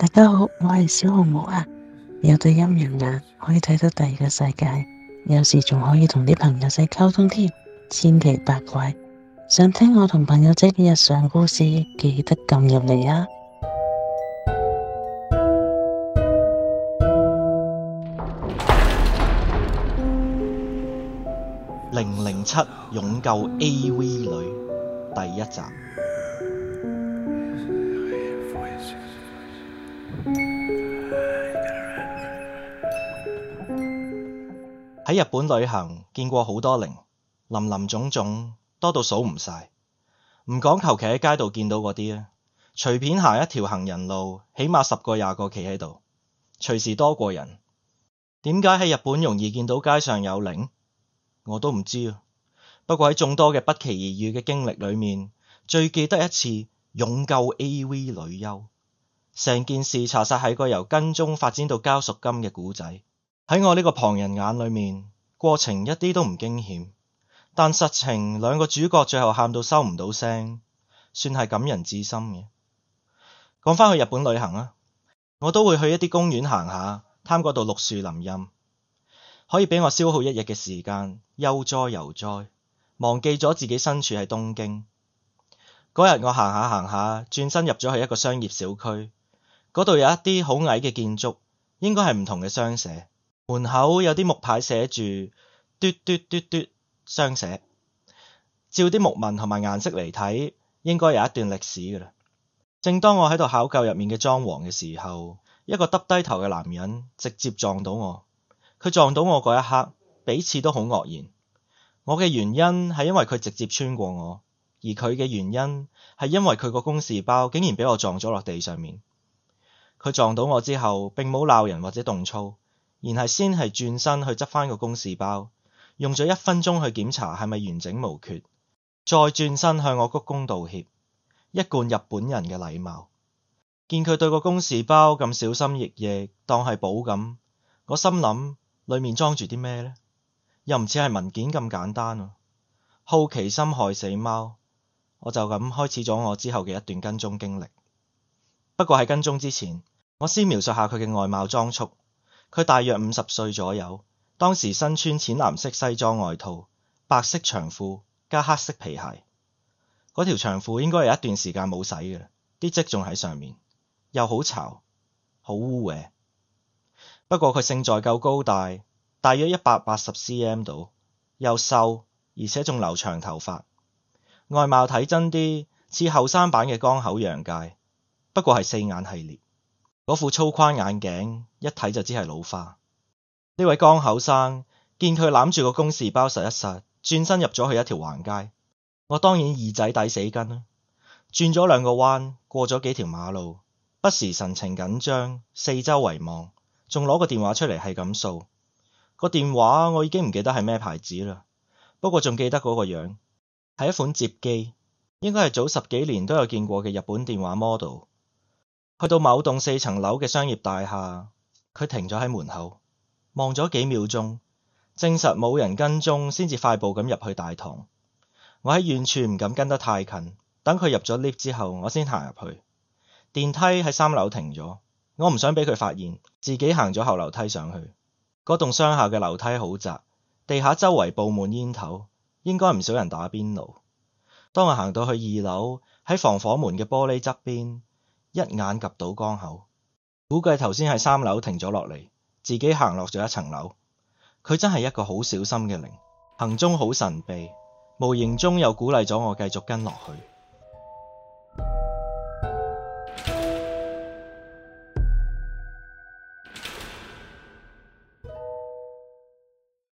大家好，我係小紅帽啊，有對陰陽眼可以睇到第二個世界，有時仲可以同啲朋友仔溝通添，千奇百怪。想聽我同朋友仔嘅日常故事，記得撳入嚟啊！靈靈7勇救 AV 女第一集。喺日本旅行見過好多靈，林林總總，多到數唔晒。唔講求其喺街度見到嗰啲啦，隨便行一條行人路，起碼十個廿個企喺度，隨時多過人。點解喺日本容易見到街上有靈？我都唔知。不過喺眾多嘅不期而遇嘅經歷裏面，最記得一次勇救 AV 女優。成件事查實喺個由跟蹤發展到交贖金嘅古仔，喺我呢個旁人眼裏面，過程一啲都唔驚險，但實情兩個主角最後喊到收唔到聲，算係感人至深嘅。講返去日本旅行啦，我都會去一啲公園行下，貪嗰度綠樹林蔭，可以俾我消耗一日嘅時間，悠哉悠哉，忘記咗自己身處喺東京。嗰日我行下行下，轉身入咗去一個商業小區。嗰度有一啲好矮嘅建築，應該係唔同嘅商社。門口有啲木牌寫住「嘟嘟嘟嘟商社」。照啲木紋同埋顏色嚟睇，應該有一段歷史㗎喇。正當我喺度考究入面嘅裝潢嘅時候，一個耷低頭嘅男人直接撞到我。佢撞到我嗰一刻，彼此都好愕然。我嘅原因係因為佢直接穿過我，而佢嘅原因係因為佢個公事包竟然俾我撞咗落地上面。佢撞到我之後，並冇鬧人或者動粗，而係先係轉身去執翻個公事包，用咗一分鐘去檢查係咪完整無缺，再轉身向我鞠躬道歉，一貫日本人嘅禮貌。見佢對個公事包咁小心翼翼，當係寶咁，我心諗，裏面裝住啲咩呢？又唔似係文件咁簡單啊！好奇心害死貓，我就咁開始咗我之後嘅一段跟蹤經歷。不過喺跟蹤之前，我先描述下佢嘅外貌裝束。佢大約五十歲左右，當時身穿淺藍色西裝外套、白色長褲加黑色皮鞋。嗰條長褲應該有一段時間冇洗嘅，啲漬仲喺上面，又好潮、好污搲。不過佢勝在夠高大，大約一百八十 cm 度，又瘦，而且仲留長頭髮。外貌睇真啲似後生版嘅江口洋介，不過係四眼系列。嗰副粗框眼鏡一睇就知係老花。呢位江口生見佢攬住個公事包實一實，轉身入咗去一條橫街。我當然二仔底死跟，啦，轉咗兩個彎，過咗幾條馬路，不時神情緊張，四周圍望，仲攞個電話出嚟係咁掃。個電話我已經唔記得係咩牌子啦，不過仲記得嗰個樣，係一款摺機，應該係早十幾年都有見過嘅日本電話 model。去到某棟四層樓嘅商業大廈，佢停咗喺門口，望咗幾秒鐘，證實冇人跟蹤，先至快步咁入去大堂。我喺遠處唔敢跟得太近，等佢入咗 lift 之後，我先行入去。電梯喺三樓停咗，我唔想俾佢發現自己行咗後樓梯上去。嗰棟商廈嘅樓梯好窄，地下周圍布滿煙頭，應該唔少人打邊爐。當我行到去二樓，喺防火門嘅玻璃側邊。一眼 𥄫 到江口，估計頭先喺三樓停咗落嚟，自己行落咗一層樓。佢真係一個好小心嘅靈，行蹤好神秘，無形中又鼓勵咗我繼續跟落去。